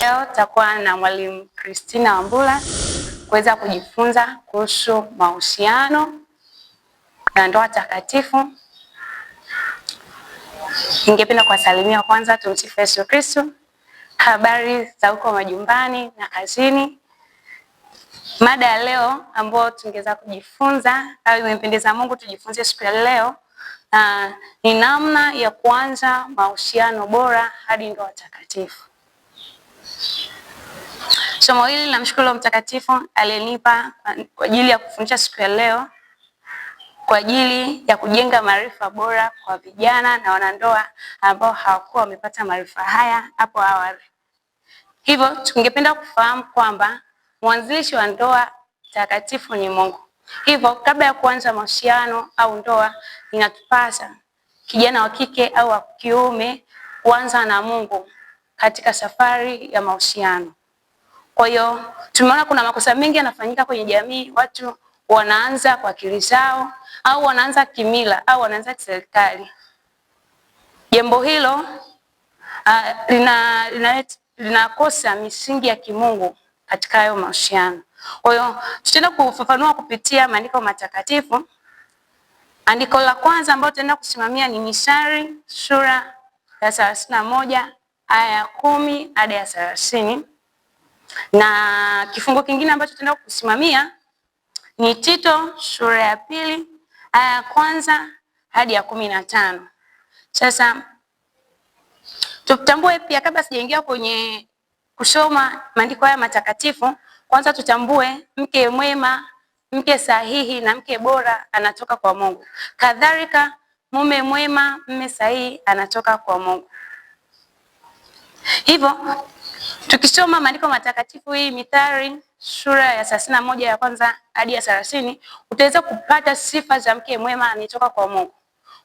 Leo tutakuwa na mwalimu Christina Wambura kuweza kujifunza kuhusu mahusiano na ndoa takatifu. Ningependa kuwasalimia kwanza, tumsifu Yesu Kristo. Habari za huko majumbani na kazini. Mada ya leo ambayo tungeweza kujifunza au imempendeza Mungu tujifunze siku ya leo ah, ni namna ya kuanza mahusiano bora hadi ndoa takatifu. Somo hili namshukuru Roho Mtakatifu aliyenipa kwa ajili ya kufundisha siku ya leo kwa ajili ya kujenga maarifa bora kwa vijana na wanandoa ambao hawakuwa wamepata maarifa haya hapo awali. Hivyo tungependa kufahamu kwamba mwanzilishi wa ndoa takatifu ni Mungu. Hivyo kabla ya kuanza mahusiano au ndoa, inatupasa kijana wa kike au wa kiume kuanza na Mungu katika safari ya mahusiano. Kwa hiyo tumeona kuna makosa mengi yanafanyika kwenye jamii, watu wanaanza kwa akili zao au wanaanza kimila au wanaanza kiserikali. Jambo hilo uh, lina, lina, linakosa misingi ya kimungu katika hayo mahusiano. Kwa hiyo tutaenda kufafanua kupitia maandiko matakatifu. Andiko la kwanza ambalo tutaenda kusimamia ni Mithali sura ya thelathini na moja aya ya kumi hadi ya thelathini na kifungo kingine ambacho tunaenda kusimamia ni Tito sura ya pili aya ya kwanza hadi ya kumi na tano. Sasa tutambue pia, kabla sijaingia kwenye kusoma maandiko haya matakatifu, kwanza tutambue mke mwema, mke sahihi na mke bora anatoka kwa Mungu. Kadhalika mume mwema, mme sahihi anatoka kwa Mungu. Hivyo Tukisoma maandiko matakatifu hii Mithali sura ya thelathini na moja ya kwanza hadi ya thelathini utaweza kupata sifa za mke mwema anayetoka kwa Mungu.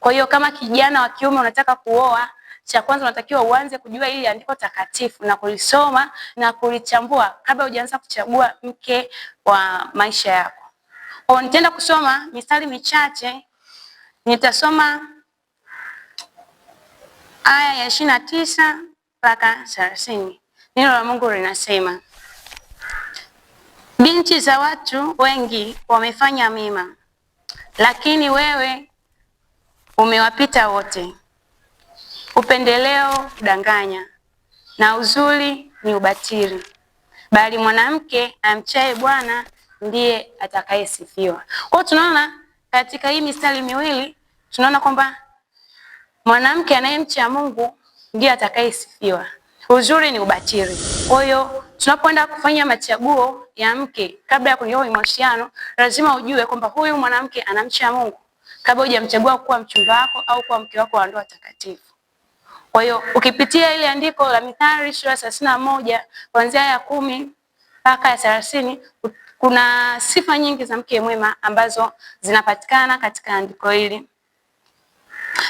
Kwa hiyo kama kijana wa kiume unataka kuoa, cha kwanza unatakiwa uanze kujua ili andiko takatifu na kulisoma na kulichambua kabla hujaanza kuchagua mke wa maisha yako. hiyo nitaenda kusoma mistari michache. Nitasoma aya ya ishirini na tisa mpaka thelathini. Neno la Mungu linasema binti za watu wengi wamefanya mema, lakini wewe umewapita wote. Upendeleo danganya na uzuri ni ubatili, bali mwanamke amchaye Bwana ndiye atakayesifiwa. Kwa tunaona katika hii mistari miwili tunaona kwamba mwanamke anayemcha Mungu ndiye atakayesifiwa. Uzuri ni ubatiri Kwa hiyo tunapoenda kufanya machaguo ya mke, kabla ya kuingia kwenye mahusiano, lazima ujue kwamba huyu mwanamke anamcha Mungu kabla hujamchagua kuwa mchumba wako au kuwa mke wako wa ndoa takatifu. Kwa hiyo ukipitia ile andiko la Mithali sura thelathini na moja kuanzia ya kumi mpaka ya thelathini kuna sifa nyingi za mke mwema ambazo zinapatikana katika andiko hili.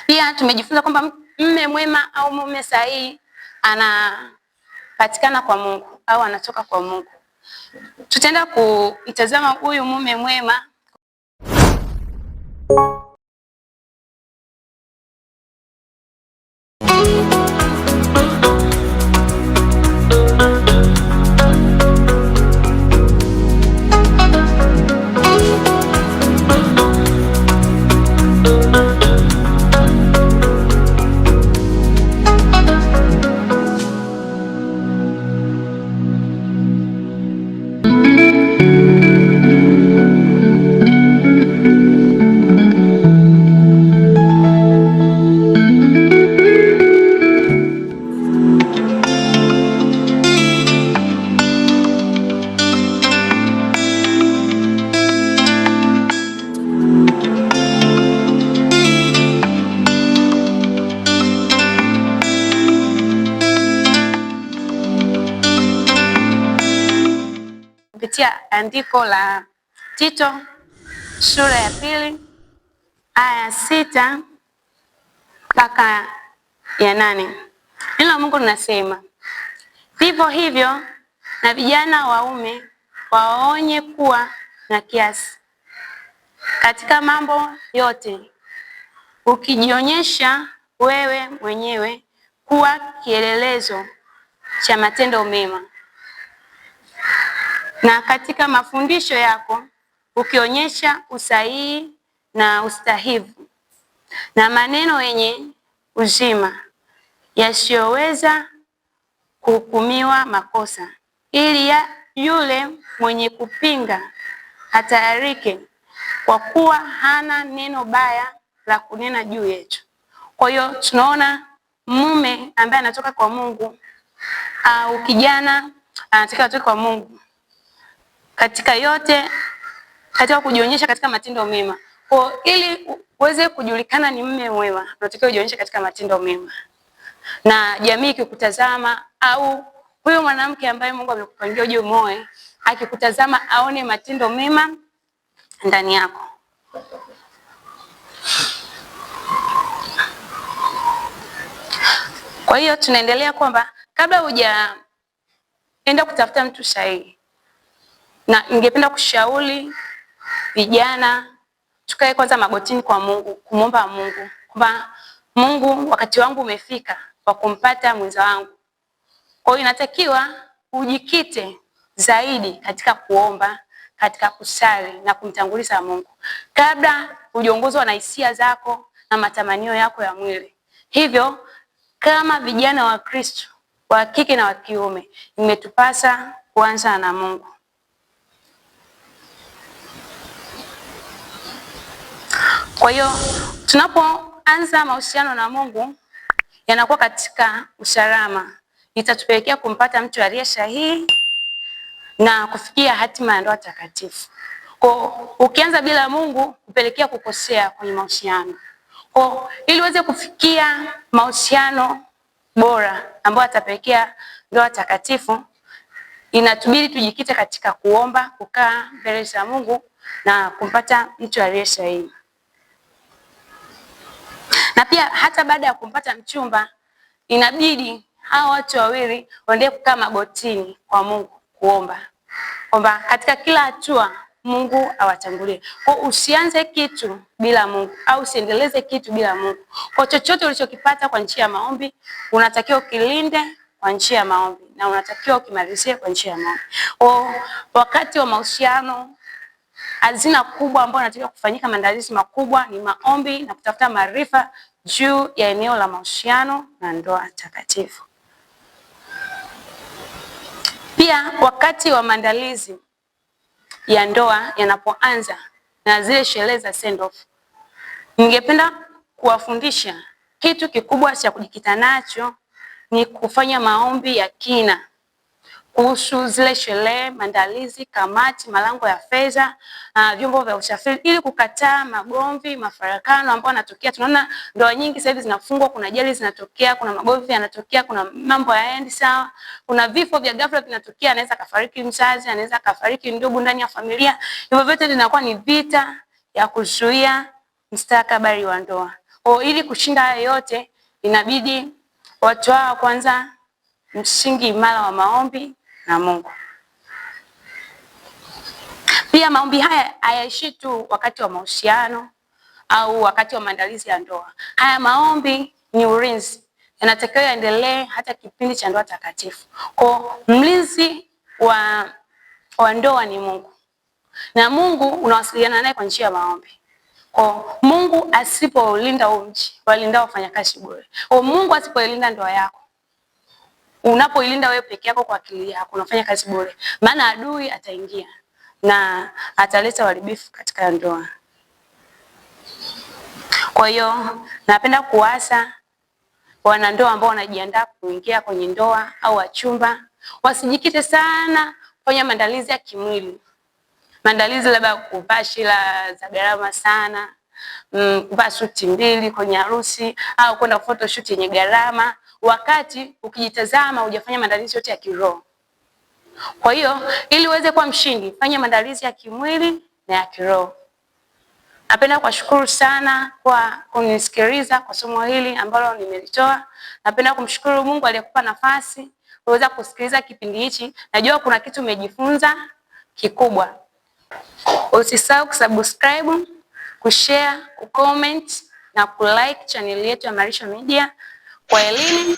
Pia tumejifunza kwamba mme mwema au mume sahihi anapatikana kwa Mungu au anatoka kwa Mungu. Tutaenda kumtazama huyu mume mwema andiko la Tito sura ya pili aya sita mpaka ya nane. Neno la Mungu linasema vivyo hivyo na vijana waume waonye kuwa na kiasi katika mambo yote, ukijionyesha wewe mwenyewe kuwa kielelezo cha matendo mema na katika mafundisho yako ukionyesha usahihi na ustahivu na maneno yenye uzima yasiyoweza kuhukumiwa makosa, ili ya yule mwenye kupinga hatayarike, kwa kuwa hana neno baya la kunena juu yetu. Kwa hiyo tunaona mume ambaye anatoka kwa Mungu au kijana anataka atoke kwa Mungu katika yote, katika kujionyesha katika matendo mema. Kwa ili uweze kujulikana ni mme mwema, unatakiwa ujionyeshe katika matendo mema, na jamii ikikutazama au huyo mwanamke ambaye Mungu amekupangia uje umoe akikutazama aone matendo mema ndani yako. Kwa hiyo tunaendelea kwamba kabla hujaenda kutafuta mtu sahihi na ningependa kushauri vijana tukae kwanza magotini kwa Mungu kumwomba Mungu kwamba Mungu, wakati wangu umefika wa kumpata mwenza wangu. Kwa hiyo inatakiwa ujikite zaidi katika kuomba, katika kusali na kumtanguliza Mungu kabla hujaongozwa na hisia zako na matamanio yako ya mwili. Hivyo kama vijana wa Kristo wa kike na wa kiume, imetupasa kuanza na Mungu. Kwa hiyo tunapoanza mahusiano na Mungu yanakuwa katika usalama, itatupelekea kumpata mtu aliye sahihi na kufikia hatima ya ndoa takatifu. Kwa ukianza bila Mungu kupelekea kukosea kwenye mahusiano. Kwa ili uweze kufikia mahusiano bora ambayo atapelekea ndoa takatifu, inatubidi tujikite katika kuomba, kukaa mbele za Mungu na kumpata mtu aliye sahihi. Na pia hata baada ya kumpata mchumba inabidi hawa watu wawili waendelee kukaa magotini kwa Mungu kuomba, kwamba katika kila hatua Mungu awatangulie. Kwa usianze kitu bila Mungu au usiendeleze kitu bila Mungu. Kwa chochote ulichokipata kwa njia ya maombi, unatakiwa ukilinde kwa njia ya maombi na unatakiwa ukimalizie kwa njia ya maombi. Kwa wakati wa mahusiano Hazina kubwa ambayo inatakiwa kufanyika maandalizi makubwa ni maombi na kutafuta maarifa juu ya eneo la mahusiano na ndoa takatifu. Pia wakati wa maandalizi ya ndoa yanapoanza na zile sherehe za send off, ningependa kuwafundisha kitu kikubwa cha kujikita nacho ni kufanya maombi ya kina kuhusu zile sherehe, maandalizi, kamati, malango ya fedha, ah, vyombo vya usafiri ili kukataa magomvi, mafarakano ambayo yanatokea. Tunaona ndoa nyingi sasa hivi zinafungwa, kuna ajali zinatokea, kuna magomvi yanatokea, kuna mambo hayaendi sawa, kuna vifo vya ghafla vinatokea, anaweza kafariki mzazi, anaweza kafariki ndugu ndani ya familia. Hivyo vyote vinakuwa ni vita ya kuzuia mstakabali wa ndoa. O, ili kushinda hayo yote inabidi watu hao kwanza msingi imara wa maombi na Mungu. Pia maombi haya hayaishi tu wakati wa mahusiano au wakati wa maandalizi ya ndoa. Haya maombi ni ulinzi, yanatakiwa yaendelee hata kipindi cha ndoa takatifu. Kwa mlinzi wa, wa ndoa ni Mungu, na Mungu unawasiliana naye kwa njia ya maombi. Kwa Mungu asipolinda huu mji, walinda wafanyakazi bure. Kwa Mungu asipoilinda ndoa yako, unapoilinda wewe peke yako kwa akili yako unafanya kazi bure, maana adui ataingia na ataleta uharibifu katika ndoa. Kwa hiyo napenda kuasa wanandoa ambao wanajiandaa kuingia kwenye ndoa au wachumba, wasijikite sana kufanya maandalizi ya kimwili, maandalizi labda kuvaa shila za gharama sana mm, kuvaa suti mbili kwenye harusi au kwenda photoshoot yenye gharama, wakati ukijitazama hujafanya maandalizi yote ya kiroho. Kwa hiyo ili uweze kuwa mshindi, fanya maandalizi ya kimwili na ya kiroho. Napenda kuwashukuru sana kwa kunisikiliza kwa somo hili ambalo nimelitoa. Napenda kumshukuru Mungu aliyekupa nafasi uweza kusikiliza kipindi hichi. Najua kuna kitu umejifunza kikubwa. Usisahau kusubscribe kushare, kucomment na kulike chaneli yetu ya Marisha Media kwa elimu